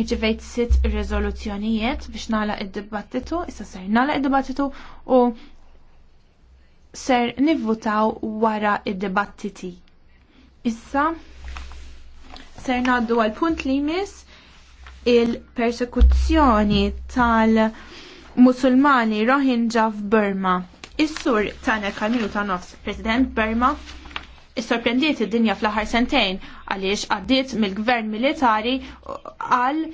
Irċivejt sitt rezoluzzjonijiet biex nala id-dibattitu, issa ser nala id-dibattitu u ser nivvutaw wara id-dibattiti. Issa ser naddu għal punt li jmiss il-persekuzzjoni tal-Musulmani Rohingya f'Burma. Is-sur Tane Kamilu ta' nofs, President Burma, sorprendiet id-dinja fl-aħħar sentejn għaliex għaddiet mill-gvern militari għal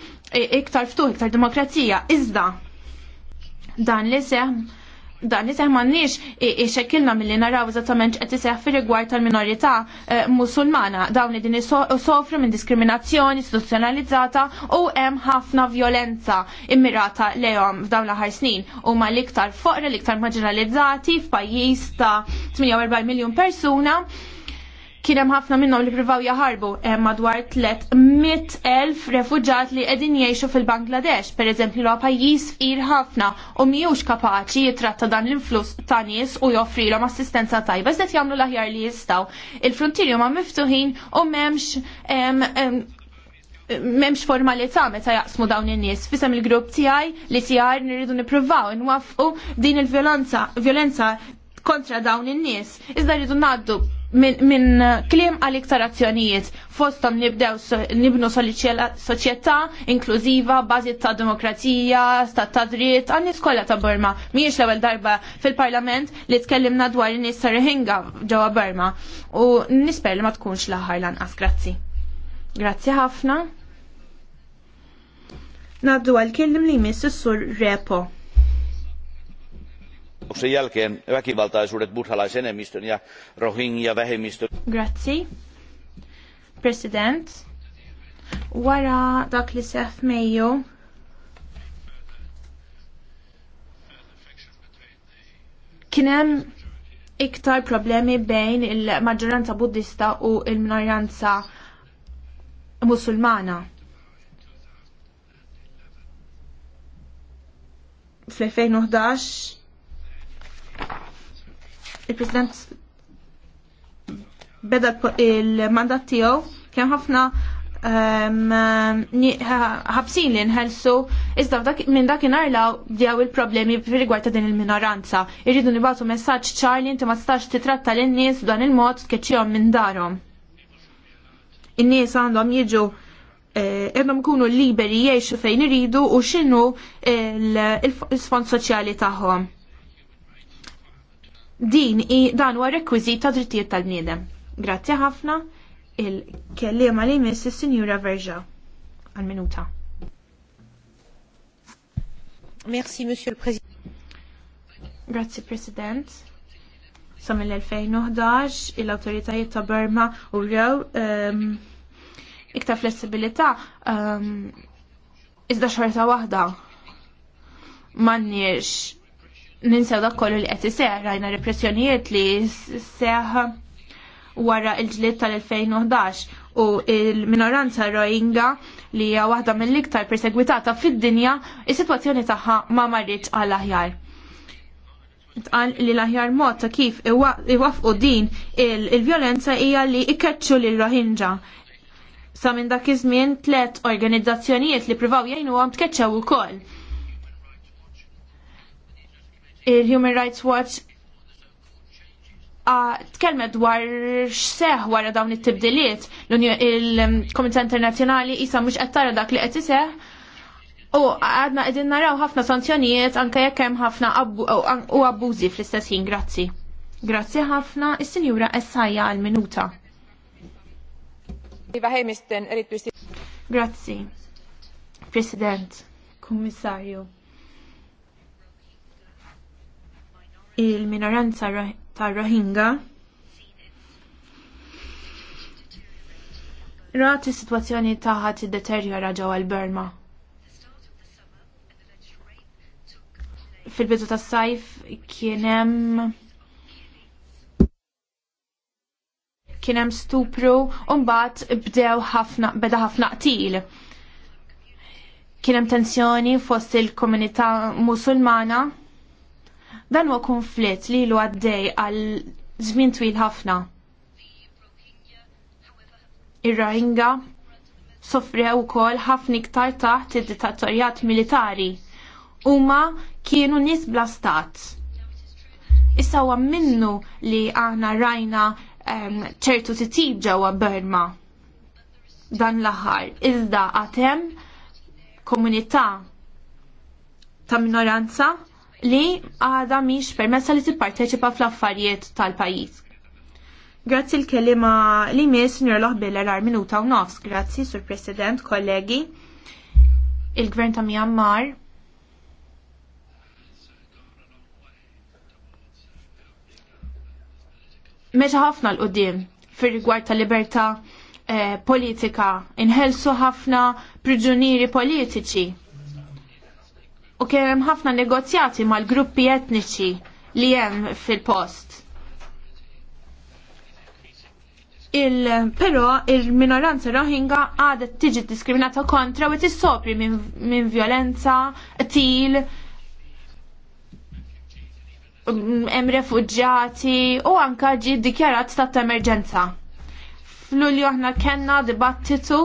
iktar ftuħ, iktar demokrazija. Iżda dan li seħ dan li seħ mannix ixekilna mill-li naraw eżattament qed iseħ fir rigward tal-minorità eh, musulmana dawn din sofru minn diskriminazzjoni istituzzjonalizzata u hemm ħafna violenza immirata lejhom f'dawn l-aħħar snin huma l-iktar foqra l-iktar marginalizzati f'pajjiż ta' 48 miljun persuna Kien hemm ħafna minnhom li privaw jaħarbu hemm madwar 300,000 refuġat li qegħdin jgħixu fil-Bangladesh, pereżempju huwa pajjiż fqir ħafna u mhijiex kapaċi jitratta dan l-influss ta' nies u joffrilhom assistenza tajba iżda jagħmlu l-aħjar li jistgħu. Il-frontieri huma miftuħin u m'hemmx m'hemmx formalità meta jaqsmu dawn in-nies. Fisem il-grupp tiegħi li tiegħi nirridu nippruvaw inwaffqu din il-violenza violenza kontra dawn in-nies. Iżda rridu ngħaddu minn kliem għal iktar azzjonijiet fostom nibdew nibnu soċjetà inklużiva, bażi ta' demokrazija, stat ta' dritt, għan skola ta' Burma. Mhijiex l-ewwel darba fil-Parlament li tkellimna dwar in-nies ta' Rohingya ġewwa Burma u nisper li ma tkunx laħar lanqas. Grazzi. Grazzi ħafna. Naddu għal kellim li jmiss is-sur Repo. Sen jälkeen väkivaltaisuudet buddhalaisenemmistön ja rohingya vähemmistön. Grazzi. President. Wara dak li sef Mejju kienem iktar problemi bejn il-maġġoranza buddista u il-minoranza musulmana. Fl-2011 il-President beda il-mandat tiegħu kemm ħafna ħabsin li nħelsu iżda minn dak inarlaw djaw il-problemi rigward ta' din il-minoranza. Irridu nibatu messaġġ ċar li inti ma tistax titratta lin-nies b'dan il-mod tkeċċihom minn darhom. In-nies għandhom jiġu eh, għandhom ikunu liberi jgħixu fejn iridu u x'inhu l-isfond soċjali tagħhom din i dan huwa rekwiżit ta' drittijiet tal-bniedem. Grazzi ħafna il-kellima li miss is-Sinjura Verja għal-minuta. Merci, Monsieur le Président. Grazie, President. Sa mill-2011 il-autoritajiet ta' Burma u rew um, ehm, iktar flessibilità um, iżda xorta waħda m'għandniex ninsew dak kollu li qed iseħ rajna repressjonijiet li seħ wara l-ġlied tal-2011 u il-minoranza Rohingya li hija waħda mill-iktar persegwitata fid-dinja, is-sitwazzjoni tagħha ma marritx għal aħjar. Tqal li l-aħjar mod ta' kif iwafqu din il-vjolenza hija li ikkeċċu lil Rohingya. Sa minn dak iż-żmien tliet organizzazzjonijiet li privaw jgħinuhom tkeċċew ukoll il-Human Rights Watch tkellmet dwar x-seħ wara dawn it-tibdiliet il-Komunità Internazzjonali isa mhux qed tara dak li qed iseħ u għadna qegħdin naraw ħafna sanzjonijiet anke jekk hemm ħafna u abbużi fl-istess ħin. Grazzi. Grazzi ħafna is-Sinjura Essajja għal minuta. Iva, Grazzi. President, Kummissarju. il-minoranza ta' Rohingya rat is-sitwazzjoni tagħha tiddeterjora ġewwa l-Burma. Fil-bidu tas-sajf kien hemm kien hemm stupru u mbagħad bdew ħafna beda ħafna qtil. Kien hemm tensjoni fost il-komunità Musulmana Dan huwa konflitt li lu għaddej għal żmien twil ħafna. Ir-Rohingya sofrew ukoll ħafna iktar taħt id-dittatorjat militari. Huma kienu nies bla stat. Issa huwa minnu li aħna rajna ehm, ċertu um, titib ġewwa Burma dan l-aħħar. Iżda għatem komunità ta' minoranza li għada miex permessa li tipparteċipa fl-affarijiet tal-pajis. Grazzi l-kelima li mis Njur Loħbilla l minuta u nofs. Grazzi, Sur President, kollegi, il-Gvern ta' Myanmar. Meċa ħafna l-qoddim fir-rigward tal-libertà eh, politika, inħelsu ħafna priġunieri politiċi u kien hemm ħafna negozjati mal-gruppi etniċi li hemm fil-post. Il, però il-minoranza Rohingya għadet tiġi diskriminata kontra u tissopri minn min violenza, til, hemm refuġġjati u anka ġi ddikjarat stat ta' emerġenza. F'Lulju aħna kellna dibattitu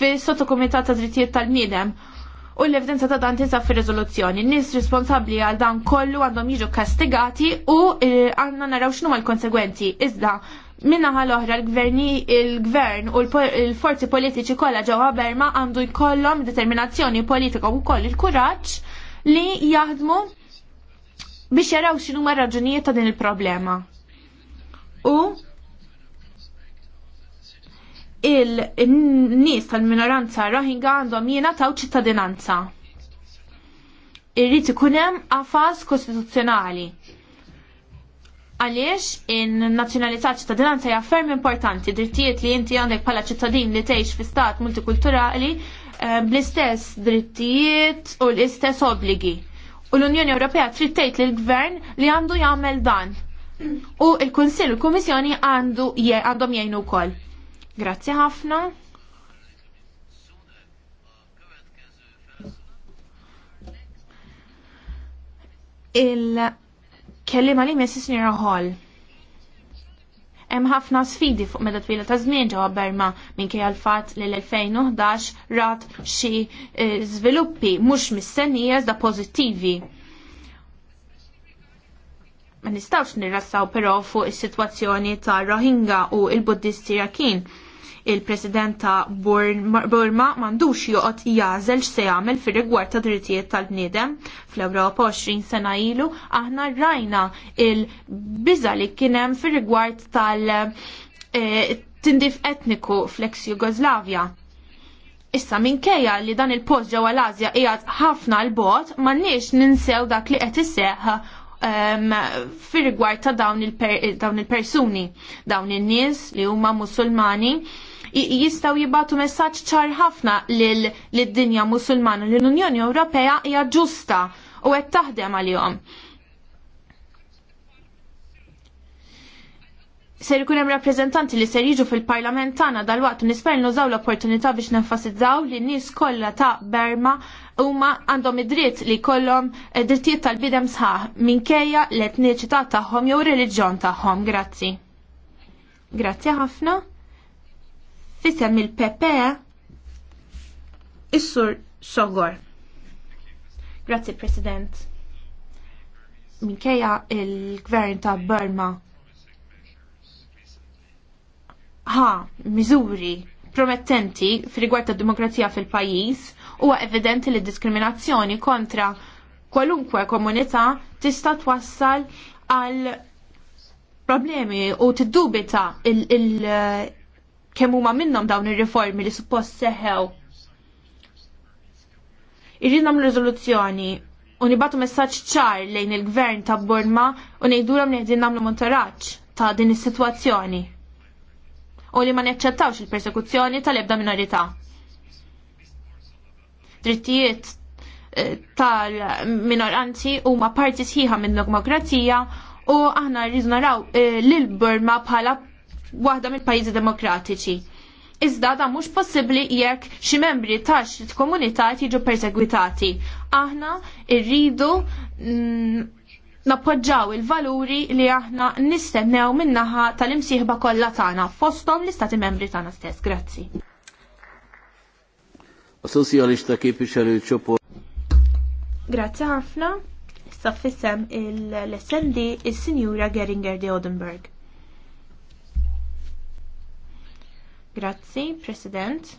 fis sottokumitat ta' drittijiet tal-bniedem u l-evidenza ta' dan tinsab fir rezoluzzjoni. Nis responsabbli għal dan kollu għandhom jiġu kastigati u eh, għandna naraw x'nu l konsegwenti Iżda minna għal oħra l-gverni il-gvern u l-forzi politiċi kollha ġewwa Berma għandu jkollhom determinazzjoni politika u koll il-kuraġġ li jaħdmu biex jaraw x'inhu raġunijiet ta' din il-problema. U il-nies tal-minoranza Rohingya għandhom taw ċittadinanza. Irrid ikun hemm qafas kostituzzjonali għaliex in-nazzjonalità ċittadinanza hija ferm importanti, drittijiet li inti għandek bħala ċittadin li tgħix fi stat multikulturali eh, bl-istess drittijiet u l-istess obbligi. U l-Unjoni Ewropea trid tgħid lill-Gvern li għandu jagħmel dan. U l-Kunsill u l-Kummissjoni għandu għandhom jgħinu wkoll. Grazzi ħafna. Il-kellima li messi snira Hall. Hemm ħafna sfidi fuq meta twila ta' żmien ġewwa Berma minkejja l-fatt li l-2011 rat xi eh, żviluppi mhux mistennija da pożittivi ma nistgħux nirrassaw però fuq is-sitwazzjoni ta' Rohingya u il-Buddisti Rakin il presidenta ta' Burma mandux joqgħod jażel x'se jagħmel fir-rigward ta' drittijiet tal-bniedem. Fl-Ewropa 20 sena ilu aħna rajna il-biża li kien hemm fir-rigward tal- eh, tindif etniku fl eks Jugoslavja. Issa minkejja li dan il-post ġewwa l-Asja qiegħed ħafna l bot m'għandniex ninsew dak li qed isseħħ um, fir-rigward ta' dawn il-persuni, dawn in-nies li huma Musulmani jistaw jibatu messaġġ ċar ħafna lid-dinja musulmana li l-Unjoni Ewropea hija ġusta u qed taħdem għalihom. ser ikun hemm rappreżentanti li ser jiġu fil-Parlament tagħna dalwaqt nisper nużaw l-opportunità biex nenfasizzaw li n-nies kollha ta' Berma huma għandhom id-dritt li jkollhom eh, drittijiet tal-bidem sħaħ minkejja l-etniċità tagħhom jew ir-reliġjon tagħhom. Grazzi. Grazzi ħafna. Fisem il-Pepe Is-Sur Sogor. Grazzi President. Minkejja il-Gvern ta' Burma ha miżuri promettenti f'rigward tad demokrazija fil-pajjiż huwa evidenti li diskriminazzjoni kontra kwalunkwe komunità tista' twassal għal problemi u tiddubita il-, il kemm huma minnhom dawn ir-riformi li suppost seħew. Irrid nagħmlu riżoluzzjoni u nibatu messaġġ ċar lejn il-gvern ta' Burma u ngħidulhom li qegħdin nagħmlu monitoraġġ ta' din is-sitwazzjoni u li ma neċċettawx il-persekuzzjoni tal-ebda minorità. Drittijiet eh, tal-minoranzi huma parti sħiħa minn demokrazija u aħna rridu naraw eh, lil Burma bħala waħda mill-pajjiżi demokratiċi. Iżda dan mhux possibbli jekk xi membri tax komunità jiġu persegwitati. Aħna rridu mm, nappoġġaw il-valuri li aħna nistennew min-naħa tal-imsieħba kollha tagħna fosthom l-istati membri tagħna stess. Grazzi. Assozjalista il csoport. Grazzi ħafna. Issa l-SND is-Sinjura Geringer de Odenberg. Grazzi, President.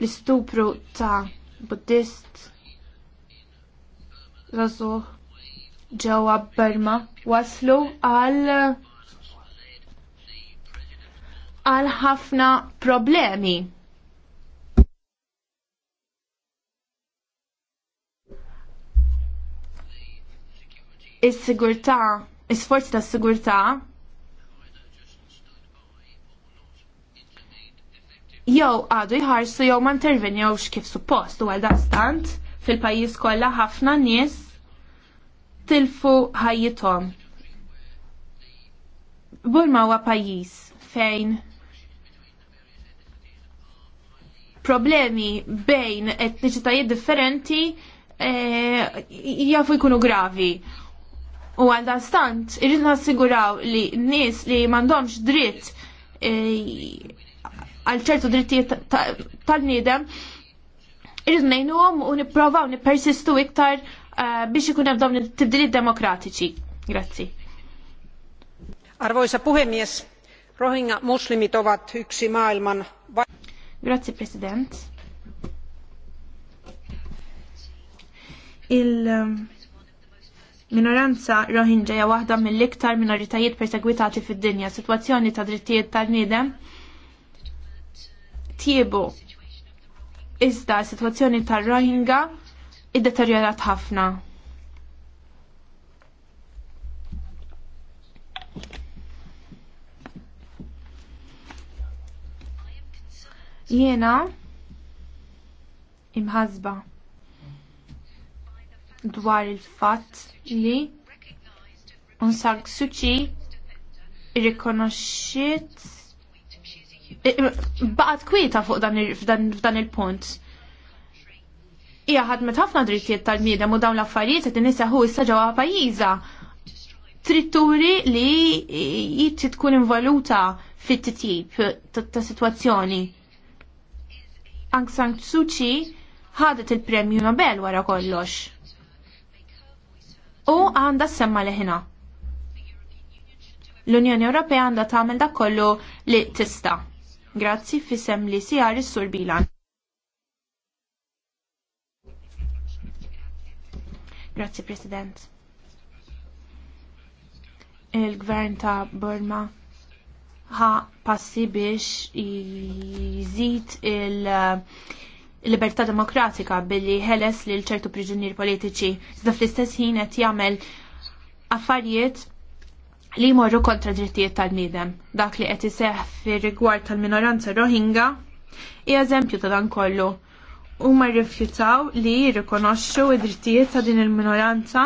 L-istupru ta' Buddhist rażu ġewwa Burma waslu għal għal ħafna problemi. Is-sigurtà, is-forzi tas-sigurtà jew għadu jħarsu jew ma intervenjewx kif suppost u għal stant fil-pajjiż kollha ħafna nies tilfu ħajjithom. Burma huwa pajjiż fejn problemi bejn etniċitajiet differenti e, jafu jkunu gravi. U għal stant irrid nassiguraw li n nies li m'għandhomx dritt e, għal ċertu drittijiet tal-nidem, irrid ngħinuhom u nipprovaw nippersistu iktar eh, biex ikun hemm dawn it-tibdiliet demokratiċi. Grazzi. Arvoisa puhemies, Rohingya muslimit ovat yksi maailman... Grazie, President. Il ehm, minoranza Rohingya hija waħda mill-iktar minoritajiet persegwitati fid-dinja. Sitwazzjoni ta' drittijiet tal-niedem tiebu. Iżda s-sitwazzjoni tar-Rohingya iddeterjorat ħafna. Jena imħazba dwar il fat li un Unsang Suċi irrikonoxxiet baqat kwieta fuq dan il-punt. Ija ħadmet ħafna drittijiet tal-bniedem u dawn l-affarijiet qed iniseħħu issa ġewwa pajjiża. Tritturi li jitti tkun involuta fit-titjib ta' sitwazzjoni. Ang San Suu ħadet il-Premju Nobel wara kollox. U għandha semma leħina. L-Unjoni Ewropea għandha tagħmel dak kollu li tista' Grazzi fisem li sijar is-sur Bilan. Grazzi President. Il-gvern ta' Burma ħa passi biex jizit il- libertà demokratika billi ħeles lil ċertu priġunier politiċi. Iżda fl-istess ħin qed jagħmel affarijiet li jmorru kontra drittijiet tal-nidem. Dak li qed iseħħ fir-rigward tal-minoranza Rohingya hija eżempju ta' dan kollu. Huma rrifjutaw li jirrikonoxxu id-drittijiet ta' din il-minoranza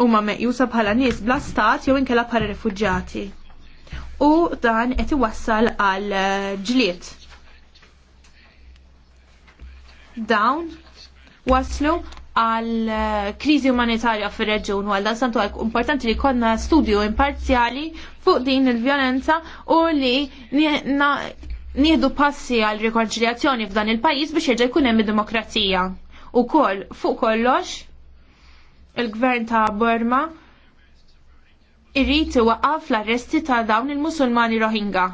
huma meqjusa bħala nies bla stat jew inkella bħala rifuġġjati. U dan qed iwassal għal eh, ġlied. Dawn waslu għal eh, kriżi umanitarja fir reġjun għal dan santu għal importanti li konna studju imparzjali fuq din il-vjolenza u li nieħdu passi għal rikonċiljazzjoni f'dan il-pajjiż biex jirġa' jkun hemm id-demokrazija. U koll fuq kollox il-gvern ta' Burma irrid waqaf l-arresti ta' dawn il-Musulmani Rohingya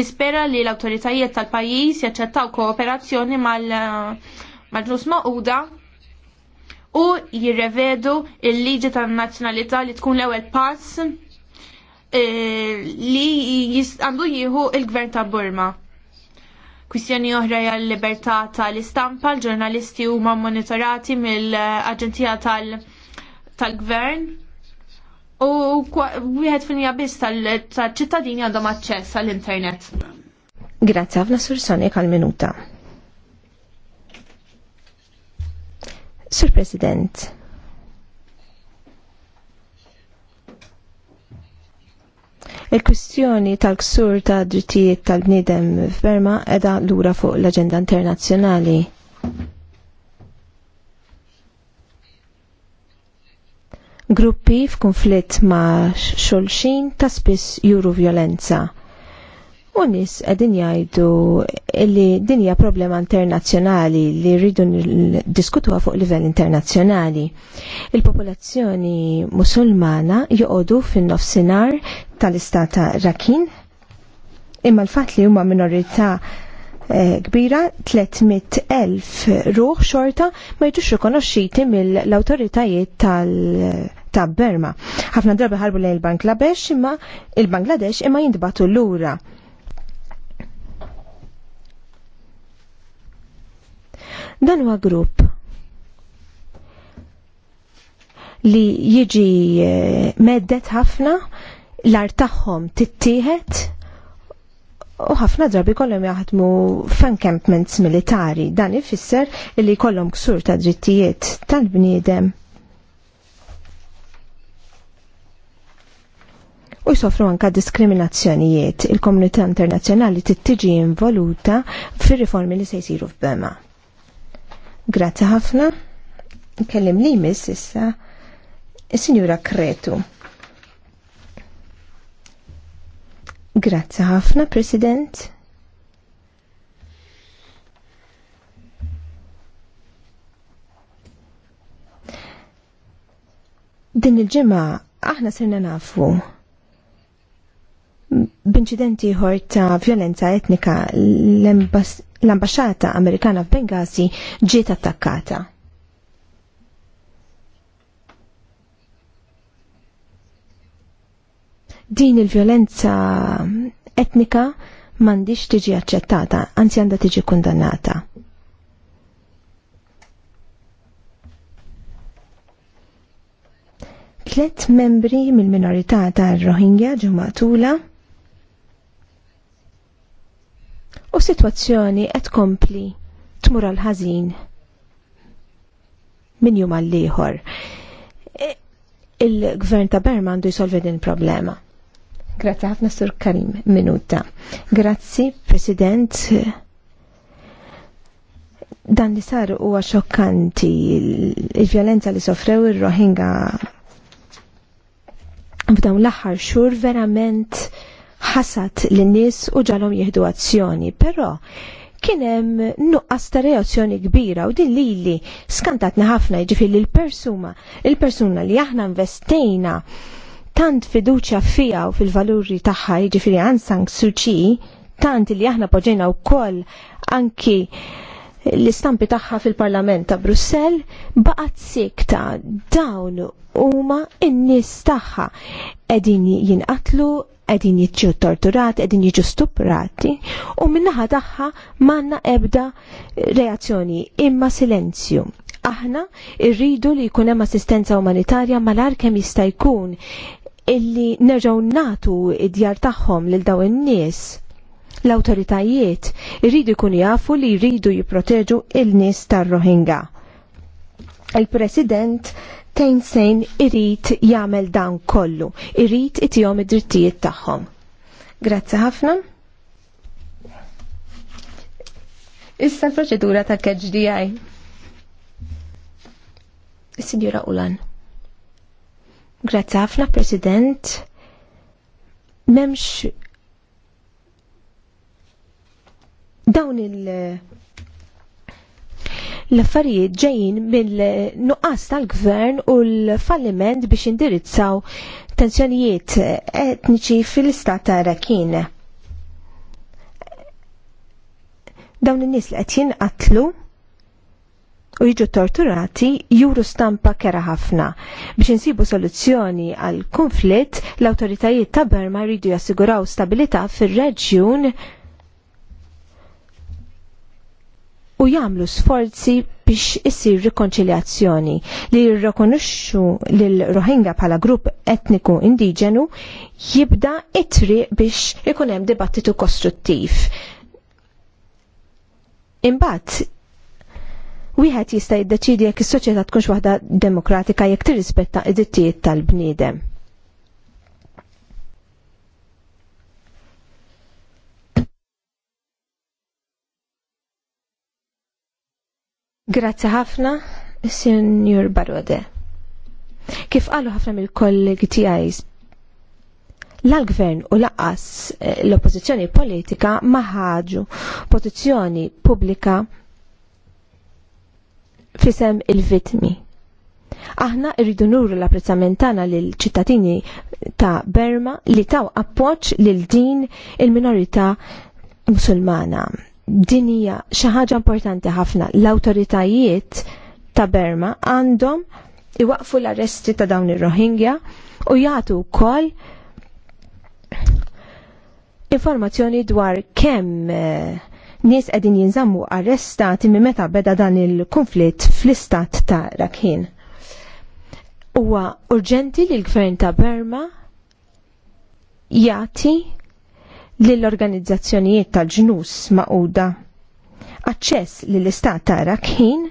nispera li l-autoritajiet tal-pajis jaċċettaw kooperazzjoni eh, mal-ġnus mal maquda u jirrevedu il-liġi tan-nazzjonalità li tkun l-ewwel pass eh, li għandu jieħu il-gvern ta' Burma. Kwistjoni oħra hija l-libertà tal-istampa, l-ġurnalisti huma monitorati mill agentija tal-Gvern u wieħed fil biss tal-ċittadini għandhom aċċess għall-internet. Grazzi ħafna Sur Sonik għal-minuta. Sur President. Il-kwistjoni tal-ksur ta' drittijiet tal-bnidem f'Berma edha lura fuq l-agenda internazzjonali. Gruppi f'kunflitt ma' xulxin ta' spiss juru violenza unis nis qegħdin jgħidu li din hija problema internazzjonali li rridu diskutuha fuq livell internazzjonali. Il-popolazzjoni musulmana joqogħdu fin-nofsinhar tal-istata Rakin imma l-fatt li huma minorità eh, kbira 300.000 ruħ xorta ma jtux rikonoxxiti mill awtoritajiet tal- ta' Berma. ħafna drabi ħarbu lejn il-Bangladesh imma il-Bangladesh imma jindbatu l-lura. Dan huwa grupp li jiġi eh, meddet ħafna l-art tagħhom tittieħed u ħafna drabi kollhom jaħdmu f'encampments militari. Dan ifisser li kollhom ksur ta' drittijiet tal-bniedem. u jsofru anka diskriminazzjonijiet. Il-komunità internazzjonali tittiġi involuta fir-riformi li se jsiru f'Bema. Grazzi ħafna. Kellim li miss issa is-Sinjura Kretu. Grazzi ħafna, President. Din il ġimma aħna sirna nafu B'inċidenti ħor ta' violenza etnika l-ambasċata Amerikana f'Bengasi ġiet attakkata. Din il-violenza etnika m'għandix tiġi aċċettata, anzi għandha tiġi kundannata. Tlet membri mill-minorità tar-Rohingya ġew u situazzjoni qed kompli tmur għal ħażin minn jum għal liħor. E, il-gvern ta' Berma għandu jisolvi din problema. Grazzi ħafna Sur Karim minuta. Grazzi, President. Dan li sar huwa xokkanti il-vjolenza li sofrew ir-Rohingya f'dawn l-aħħar xhur verament ħasat l-nies u ġalhom jieħdu azzjoni, però kien hemm nuqqas ta' reazzjoni kbira u din lili skantatna ħafna jiġifieri l-persuna, il-persuna li aħna investejna tant fiduċja fija u fil-valuri tagħha jiġifieri Aung San suċi, tant li aħna poġġejna wkoll anki l-istampi tagħha fil-Parlament ta' Brussell baqgħet sikta dawn huma n-nies tagħha qegħdin jinqatlu, qegħdin jiġu torturati, qegħdin jiġu stuprati u min-naħa tagħha m'għandna ebda reazzjoni imma silenzju. Aħna rridu li jkun hemm assistenza umanitarja malar kemm jista' jkun illi nerġgħu natu id-djar tagħhom lil dawn in-nies L-autoritajiet irridu jkunu jafu li jridu jipproteġu il-nies tar-Rohingya. Il-President tejn sejn irrid jagħmel dan kollu, irrid itihom id-drittijiet tagħhom. Grazzi ħafna. Issa l-proċedura ta' is Signora Ulan. Grazzi ħafna, President. Memx Dawn il- l-affarijiet ġejjin mill-nuqqas tal-gvern u l-falliment biex indirizzaw tensjonijiet etniċi fil-istat ta' Rakin. Dawn in-nies li qed jinqatlu u jiġu torturati juru stampa kera ħafna. Biex insibu soluzzjoni għal konflitt, l-autoritajiet ta' Burma jridu jassiguraw stabilità fir-reġjun u jagħmlu sforzi biex issir rikonċiljazzjoni li jirrikonuxxu lil Rohingya bħala grupp etniku indiġenu jibda itri biex ikun hemm dibattitu kostruttiv. Imbagħad wieħed jista' jiddeċidi jekk is-soċjetà tkunx waħda demokratika jekk tirrispetta d-dittijiet tal-bniedem. Grazzi ħafna, Sinjur Barode. Kif qalu ħafna mill-kollegi tiegħi l-gvern u laqas eh, l-oppozizjoni politika ma ħaġu pozizjoni pubblika fisem il-vitmi. Aħna irridu nuru l-apprezzament tagħna lil ċittadini ta' Berma li taw appoġġ lil din il-minorità Musulmana dinija ħaġa importanti ħafna. l awtoritajiet ta' Berma għandhom iwaqfu l-arresti ta' dawn ir-Rohingya u jagħtu wkoll informazzjoni dwar kemm eh, nies qegħdin jinżammu arrestati minn meta beda dan il-konflitt fl-istat ta' Rakhin. Huwa urġenti li l-gvern ta' Berma jagħti l organizzazzjonijiet tal-ġnus maquda. Aċċess li l-istat tara kħin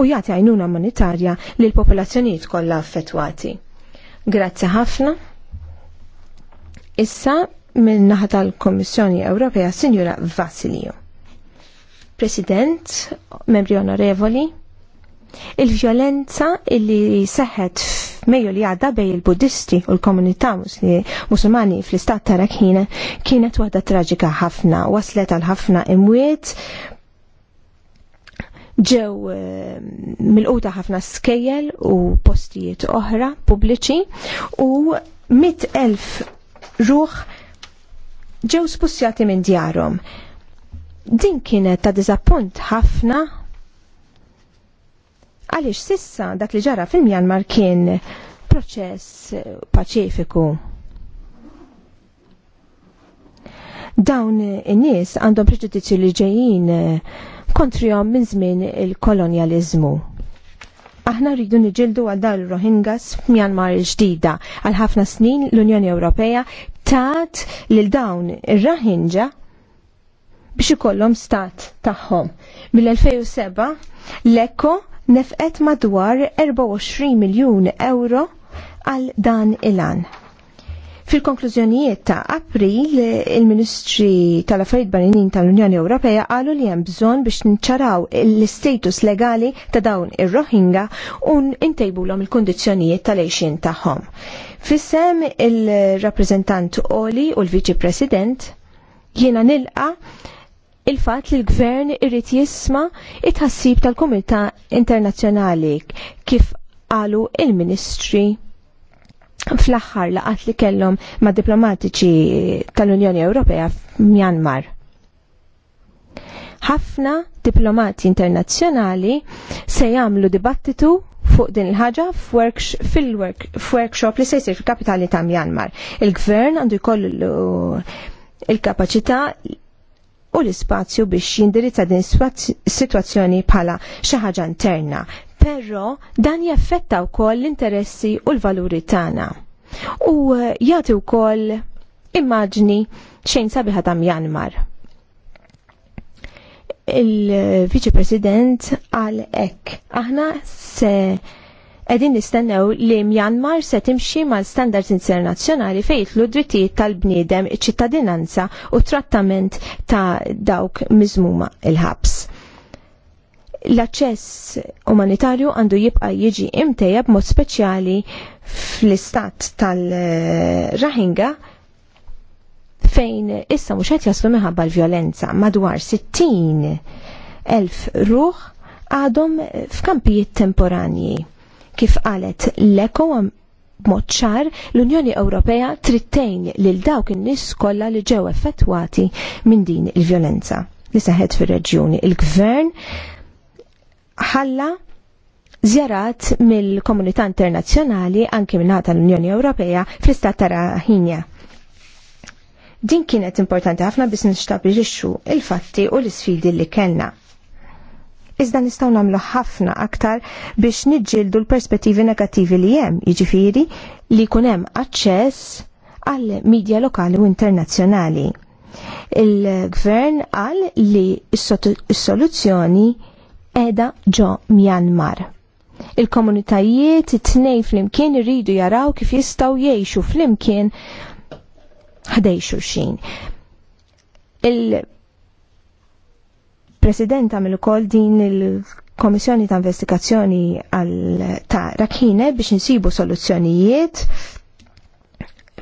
u jagħti għajnuna monetarja li l popolazzjonijiet kollha affettwati. Grazzi ħafna. Issa minn naħa tal-Kommissjoni Ewropea Sinjura Vasilio. President, membri onorevoli, Il-vjolenza illi seħet Mejju li għadda bej il-Buddhisti u l-komunità musulmani fl-istat ta' Rakhine kienet waħda traġika ħafna, waslet għal ħafna imwiet ġew eh, milquta ħafna skejjel u postijiet oħra pubbliċi u mit elf ruħ ġew spussjati minn djarhom. Din kienet ta' diżappunt ħafna Għaliex sissa dak li ġara fil-Mjanmar kien proċess paċifiku. Dawn in-nies għandhom preġudizzju li ġejjin kontrihom minn żmien il-kolonjaliżmu aħna rridu niġildu għal dar il-Rohingas f'Myanmar il-ġdida. Għal ħafna snin l-Unjoni Ewropea tat lil dawn ir-Rohingja biex ikollhom stat tagħhom. Mill-2007 l-Ekko nefqet madwar 24 miljun euro għal dan il-an. Fil-konklużjonijiet ta' April, il-Ministri tal-Affarijiet Barinin tal-Unjoni Ewropea qalu li hemm bżonn biex nċaraw l-istatus legali ta' dawn ir-Rohingya u ntejbulhom il-kundizzjonijiet tal-għexin tagħhom. Fissem il-rappreżentant Oli u l-Viċi President jiena nilqa' il-fat li l-gvern irrit jisma it-ħassib tal-Komunità Internazzjonali kif qalu il-Ministri fl-axħar laqat li kellhom ma' diplomatiċi tal-Unjoni Ewropea f'Myanmar. Ħafna diplomati internazzjonali se jagħmlu dibattitu fuq din il-ħaġa fil li se jsir fil-kapitali ta' Myanmar. Il-gvern għandu jkollu il-kapaċità u l-ispazju biex jindirizza din situazzjoni bħala xi ħaġa interna, però dan jaffetta wkoll l-interessi u l-valuri tagħna. U eh, jagħti wkoll immaġni xejn sabiħa ta' Myanmar. Il-Viċi President għal ek, aħna se edin nistennew li Myanmar se timxi mal standards internazzjonali fejtlu drittijiet tal-bniedem, ċittadinanza u trattament ta' dawk miżmuma il-ħabs. L-aċċess umanitarju għandu jibqa jiġi imtejja b'mod speċjali fl-istat tal-Rahinga fejn issa mhux qed jaslu minħabba l-vjolenza madwar 60 elf ruħ għadhom f'kampijiet temporanji Kif qalet l-eko b'mod ċar, l-Unjoni Ewropea trittejn lil dawk in-nies kollha li ġew effettwati minn din il-vjolenza li saħet fir-reġjuni. Il-Gvern ħalla zjarat mill-komunità internazzjonali anke minnata l-Unjoni Ewropea fl-istat ta' Din kienet importanti ħafna biex nixtabilixxu il-fatti u l-isfidi li kellna. Iżda nistgħu nagħmlu ħafna aktar biex niġġieldu l-perspettivi negattivi li hemm, jiġifieri li jkun hemm aċċess għall midja lokali u internazzjonali. Il-gvern qal li s-soluzzjoni edha ġo Myanmar. Il-komunitajiet it-tnej flimkien iridu jaraw kif jistaw jiexu flimkien ħdejxu xin. Il- president għamil ukoll din il-Komissjoni ta' Investigazzjoni ta' Rakhine biex insibu soluzzjonijiet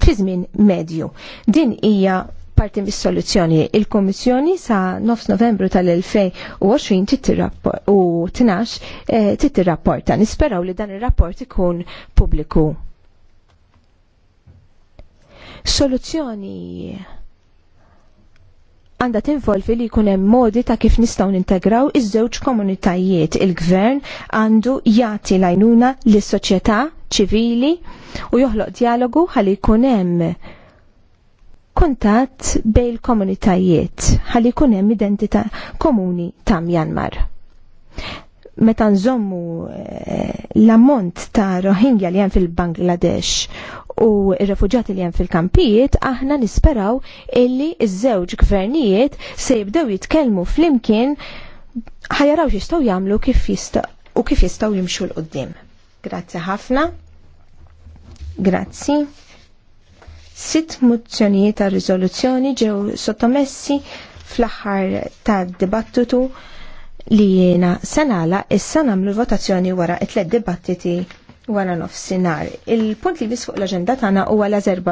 fi żmien medju. Din hija parti mis-soluzzjoni. Il-Komissjoni sa' 9 Novembru tal-2020 u 12 eh, titirrapporta. Nisperaw li dan ir-rapport ikun pubbliku. Soluzzjoni għanda tinvolvi li jkun hemm modi ta' kif nistgħu nintegraw iż-żewġ komunitajiet. Il-gvern għandu jagħti lajnuna lis soċjetà ċivili u joħloq dialogu ħalli jkun hemm kuntatt bejn il-komunitajiet ħalli jkun hemm identità komuni ta' Myanmar meta nżommu eh, l-ammont ta' Rohingya li hemm fil-Bangladesh u r refugjati li hemm fil-kampijiet, aħna nisperaw illi iż-żewġ gvernijiet se jibdew jitkellmu flimkien ħajaraw x'jistgħu jagħmlu kif u kif jistgħu jimxu l qudiem Grazzi ħafna. Grazzi. Sitt mozzjonijiet ta' riżoluzzjoni ġew sottomessi fl-aħħar tad dibattitu li jiena sanala issa nagħmlu votazzjoni wara t tliet dibattiti wara nofsinhar. Il-punt li bisfuq l-aġenda tagħna huwa l-Azerbajġan.